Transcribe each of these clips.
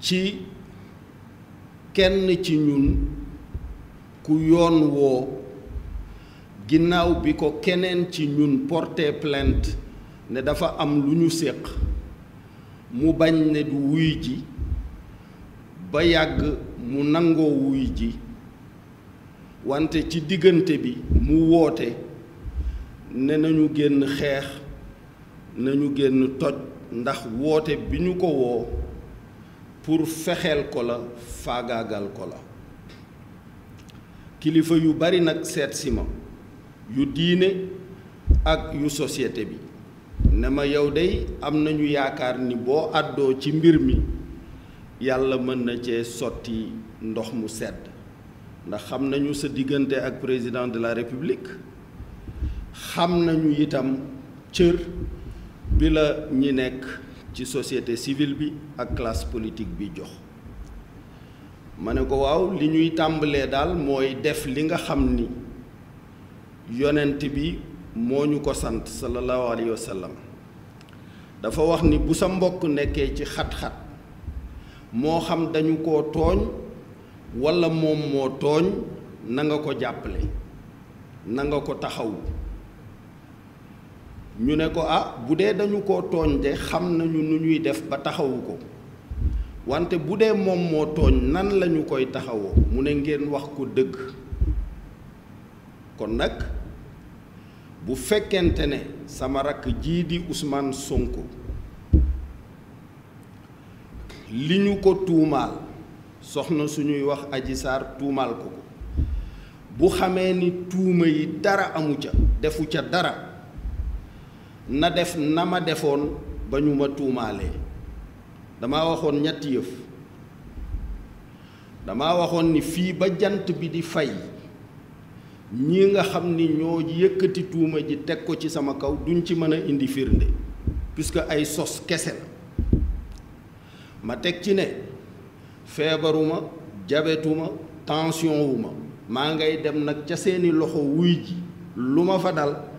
ci kenn ci ñun ku yoon woo ginnaaw bi ko keneen ci ñun porté plainte ne dafa am lu ñu séq mu bañ ne du wuy ji ba yàgg mu nangoo wuy ji wante ci diggante bi mu woote ne nañu génn xeex nañu génn toj ndax woote bi ñu ko woo pour fexeel ko la faagaagal ko la kilifa yu bari nag seet si ma yu diine ak yu société bi ne ma yow dey am nañu yaakaar ni boo àddoo ci mbir mi yàlla mën na cee sotti ndox mu sedd ndax xam nañu sa diggante ak président de la république xam nañu itam cër bi la ñi nekk ci société civile bi ak classe politique bi jox ma ne ko waaw li ñuy tàmbalee daal mooy def li nga xam ni yonent bi moo ñu ko sant sallallahu alayhi wa dafa wax ni bu sa mbokk nekkee ci xat-xat moo xam dañu ko tooñ walla moom moo tooñ na ko jàppale nanga ko taxawu ñu ne ko ah bu dee dañu koo tooñ de xam nañu nu ñuy def ba taxawu ko wante bu dee moom moo tooñ nan lañu koy taxawoo mu ne ngeen wax ko dëgg kon nag bu fekkente ne sama rakk jii di Ousmane Sonko li ñu ko tuumaal soxna suñuy wax aji saar tuumaal ko ko bu xamee ni tuuma yi dara amu ca defu ca dara na def na ma defoon ba ñu ma tuumaale damaa waxoon ñetti yëf damaa waxoon ni fii ba jant bi di fay ñi nga xam ni ñoo yëkkati tuuma ji teg ko ci sama kaw duñ ci mën a indi firnde puisque ay sos kese la ma teg ci ne feebaruma jabetuma tension wu maa ngay dem nag ca seeni loxo wuy ji lu ma fa dal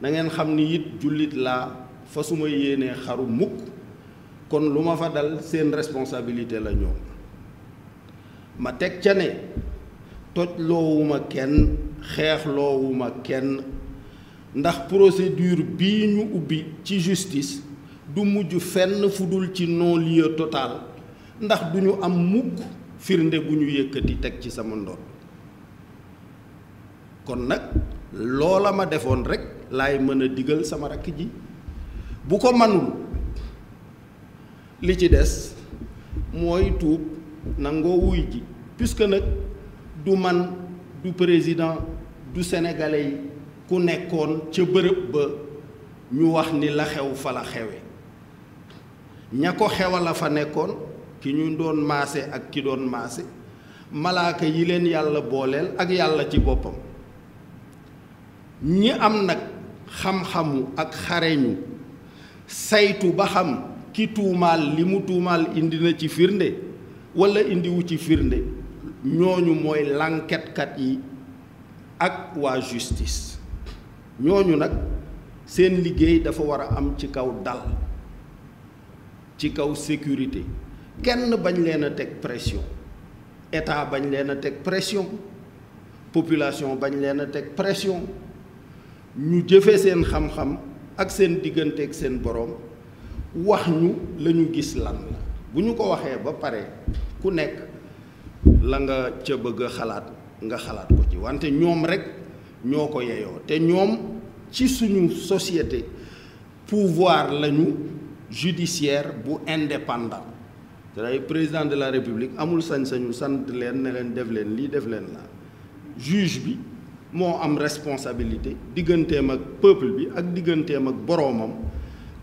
na ngeen xam ni it jullit laa fa su ma yéenee xaru mukk kon lu ma fa dal seen responsabilité la ñoom ma teg ca ne toj loowuma kenn xeex kenn ndax procédure bii ñu ubbi ci justice du mujj fenn fu dul ci non-lieu total ndax du ñu am mukk firnde bu ñu yëkkati teg ci sama ndoon kon nag loola ma defoon rek laay mën a digal sama rakk ji bu ko manul li ci des mooy tuub nangoo wuy ji puisque nag du man du président du sénégalais yi ku nekkoon ca bërëb ba ñu wax ni la xew fa la xewe ña ko xewala fa nekkoon ki ñu doon maase ak ki doon maase malaaka yi leen yàlla booleel ak yàlla ci boppam ñi am nag xam-xamu ak xareñu saytu ba xam ki tuumaal li mu tuumaal indi na ci firnde walla indiwu ci firnde ñooñu mooy lànketkat yi ak waa justice ñooñu nag seen liggéey dafa war a am ci kaw dal ci kaw sécurité kenn bañ leen a teg pression état bañ leen a teg pression population bañ leen a teg pression ñu devons seen xam-xam ak seen digënté ak seen borom wax ñu lañu gis lan la ko waxé ba paré ku la nga xalaat nga xalaat ko ci wante ko société pouvoir lañu judiciaire bu indépendant cest président de la république amul sañ-sañu ne def def juge bi mo am responsabilité digganteem mak peuple bi ak digganteem mak boroomam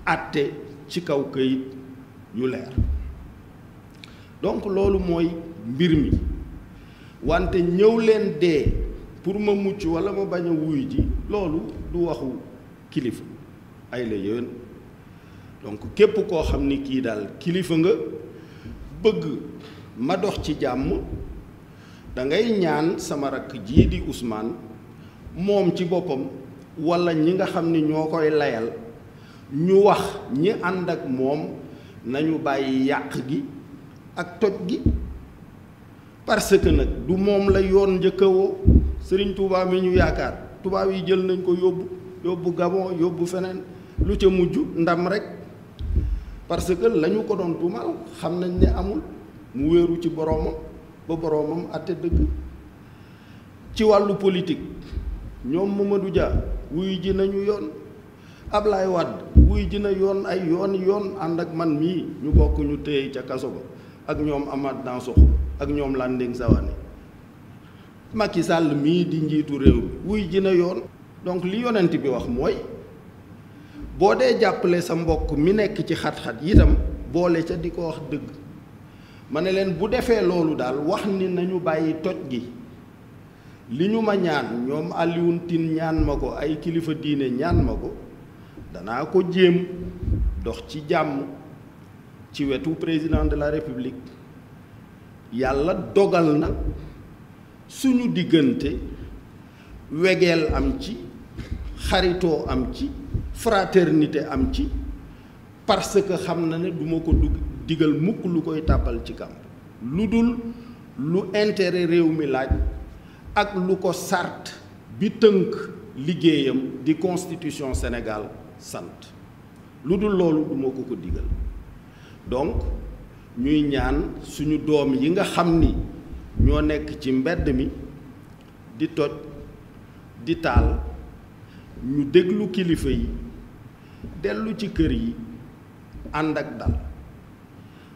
àtte ci kaw këyit yu leer donc loolu mooy mbir mi wante ñëw leen dee pour ma mucc wala ma bañ a wuy ji loolu du waxu kilifa ay la yéen donc képp koo xam ni kii kilifa nga bëgg ma dox ci jàmm da ngay ñaan sama di Ousmane moom ci boppam wala ñi nga xam ni ñoo koy layal ñu wax ñi ànd ak moom nañu bàyyi yàq gi ak toj gi parce que nag du mom la yoon njëkkawoo sëriñ tuubaa mi ñu yaakaar tubaab yi jël nañ ko yóbbu yóbbu gabon yóbbu feneen lu ca mujj ndam rek parce que lañu ko doon tuumal xam nañ ne amul mu wéeru ci boromam ba boromam atte dëgg ci wàllu politique ñoom Mamadou Dia wuy ji nañu yoon ab lay wadd wuy ji na yoon ay yoon yoon ànd ak man mii ñu bokk ñu téye ca kaso ba ak ñoom Amath Dansokho ak ñoom Landing Savané Macky sàll mii di njiitu réew mi wuy ji na yoon donc li yonent bi wax mooy boo dee jàppale sa mbokk mi nekk ci xat-xat itam boole ca di ko wax dëgg ma ne leen bu defee loolu daal wax ni nañu bàyyi toj gi li ñu ma ñaan ñoom Alioune Tine ñaan ma ko ay kilifa diine ñaan ma ko danaa ko jéem dox ci jàmm ci wetu président de la république yàlla dogal na suñu diggante wegeel am ci xaritoo am ci fraternité am ci parce que xam na ne duma ko dugg digal mukk lu koy tàppal ci kàmb lu dul lu intérêt réew mi laaj ak lu ko sart bi tënk liggéeyam di constitution Sénégal sant Ludo dul loolu du ko ko digal donc ñuy ñaan suñu doom yi nga xam ni ñoo nekk ci mbedd mi di toj di taal ñu déglu kilifa yi dellu ci kër yi ànd ak dal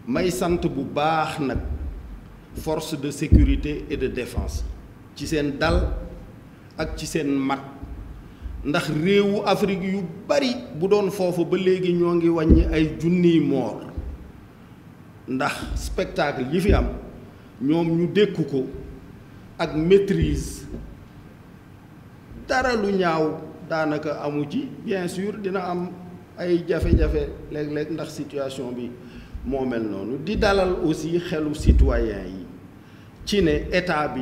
may sant bu baax nag force de sécurité et de défense ci seen dal ak ci seen mat ndax réewu Afrique yu bari bu doon foofu ba léegi ñoo ngi wàññi ay junni moor ndax spectacle yi fi am ñoom ñu dékku ko ak maîtrise dara lu ñaaw daanaka amu ci bien sûr dina am ay jafe-jafe léeg-léeg ndax situation bi moo mel noonu di dalal aussi xelu citoyen yi ci ne état bi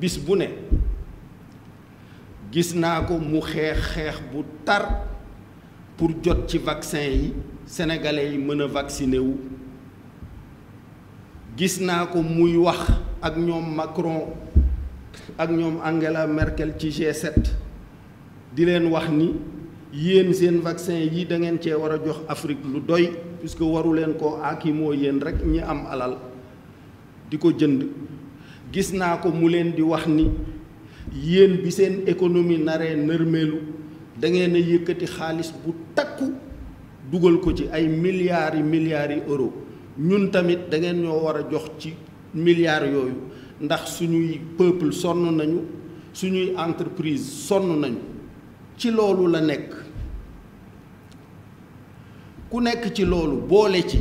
bis bu ne gis naa ko mu xeex xeex bu tar pour jot ci vaccin yi sénégalais yi mën a vacciné wu gis naa ko muy wax ak ñoom Macron ak ñoom Angela Merkel ci G7 di leen wax ni yéen seen vaccin yi da ngeen cee war a jox Afrique lu doy puisque waru leen koo akimoo yéen rekk ñi am alal di ko jënd gis naa ko mu leen di wax ni yéen bi seen économie naree nërmeelu da ngeen a yëkkati xaalis bu takku dugal ko ci ay milliards yi milliards yi euro ñun tamit da ngeen ñoo war a jox ci milliards yooyu ndax suñuy peuple sonn nañu suñuy entreprise sonn nañu ci loolu la nekk ku nekk ci loolu boole ci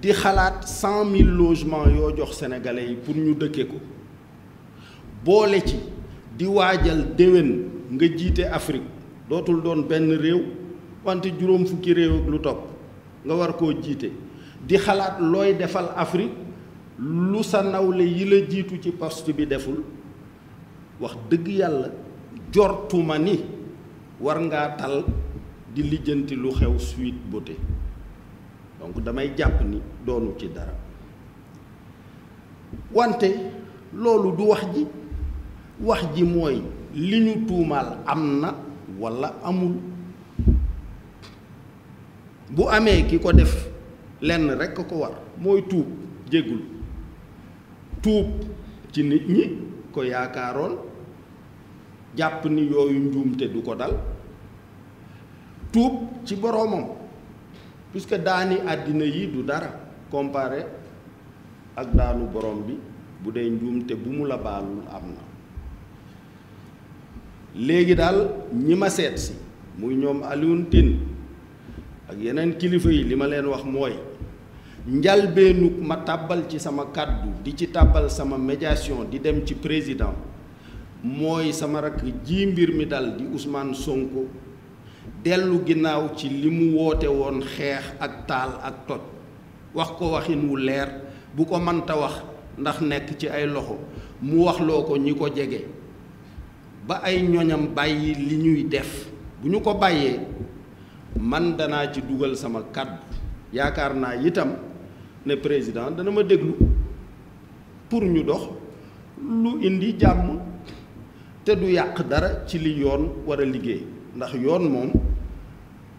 di xalaat cent mille yoo jox sénégalais yi pour ñu dëkke ko boole ci di waajal déwén nga jiite Afrique dootul doon benn réew wante juróom fukki réew lu topp nga war koo jiite di xalaat looy defal Afrique lu sa nawle yi la jiitu ci poste bi deful wax dëgg yàlla jortuma ni war ngaa tal di lijjanti lu xew Sweet Beauté donc damay jàpp ni doonu ci dara wante loolu du wax ji wax ji mooy li ñu tuumaal am na walla amul bu amee ki ko def lenn rekk a ko war mooy tuub jéggul tuub ci nit ñi ko yaakaaroon jàpp ni yooyu njuumte du ko dal tuub ci boroomam puisque daani àddina yi du dara comparé ak daanu borom bi bu dee njuum te bu mu la baalul am na léegi daal ñi ma seetsi si muy ñoom Alioune ak yeneen kilifa yi li ma leen wax mooy njalbeenu ma tàbbal ci sama kàddu di ci tàbbal sama médiation di dem ci président mooy sama rakk ji mbir mi dal di Ousmane Sonko dellu ginnaaw ci li mu woote woon xeex ak tal ak tot wax ko waxin wu leer bu ko mënta wax ndax nekk ci ay loxo mu waxloo ko ñi ko ba ay ñoñam bàyyi li ñuy def bu ko bàyyee man danaa ci dugal sama kàddu yaakaar naa itam ne président dana ma déglu pour ñu dox lu indi jamu te du yàq dara ci li yoon war liggéey ndax yoon moom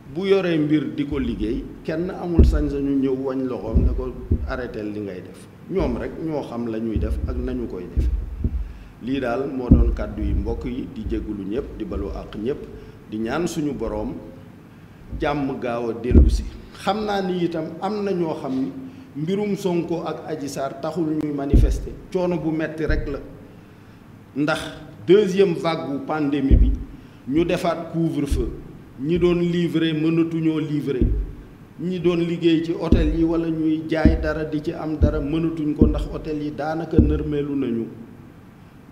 bu yoree mbir di ko liggéey kenn amul sañ-sañu ñëw wañ loxoom ne ko arrêté li ngay def ñoom rek ñoo xam lañuy def ak nañu koy def lii daal moo doon kàddu yi mbokk yi di jégalu ñëpp di balu àq ñépp di ñaan suñu boroom jàmm gaaw a dellu xam naa ni itam am na ñoo xam ni mbirum Sonko ak Adji taxul ñuy manifester coono bu metti rek la ndax deuxième vague bu pandémie bi ñu defaat couvre-feu ñi doon livrer mënatuñoo livrer ñi doon liggéey ci hôtel yi walla ñuy jaay dara di ci am dara mënatuñ ko ndax hôtel yi daanaka nërmeelu nañu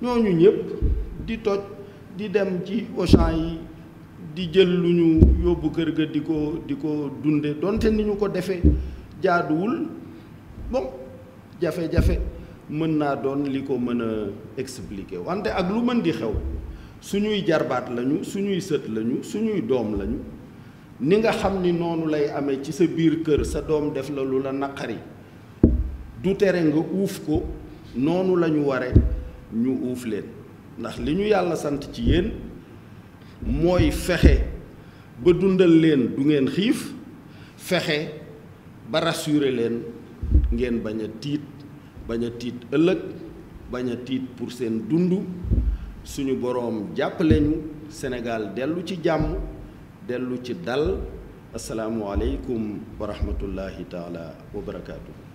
ñooñu ñëpp di toj di dem ci Auchan yi di jël lu ñu yóbbu kër ga di ko di ko dunde donte ni ñu ko defee jaaduwul bon jafe-jafe mën naa doon li ko mën a expliquer wante ak lu mën di xew suñuy jarbaat lañu suñuy sët lañu suñuy doom lañu ni nga xam ni noonu lay ame ci sa biir kër sa doom def la lu la naqari du tere nga uuf ko noonu lañu ware ñu uuf leen ndax li ñu yàlla sant ci yéen mooy fexe ba dundal leen du ngeen xiif fexe ba rassurer leen ngeen bañ a tiit bañ a tiit ëllëg bañ a tiit pour seen dund suñu boroom jàppale ñu Sénégal dellu ci jàmm dellu ci dal asalaamualeykum wa rahmatullahi taala wa barakaatu.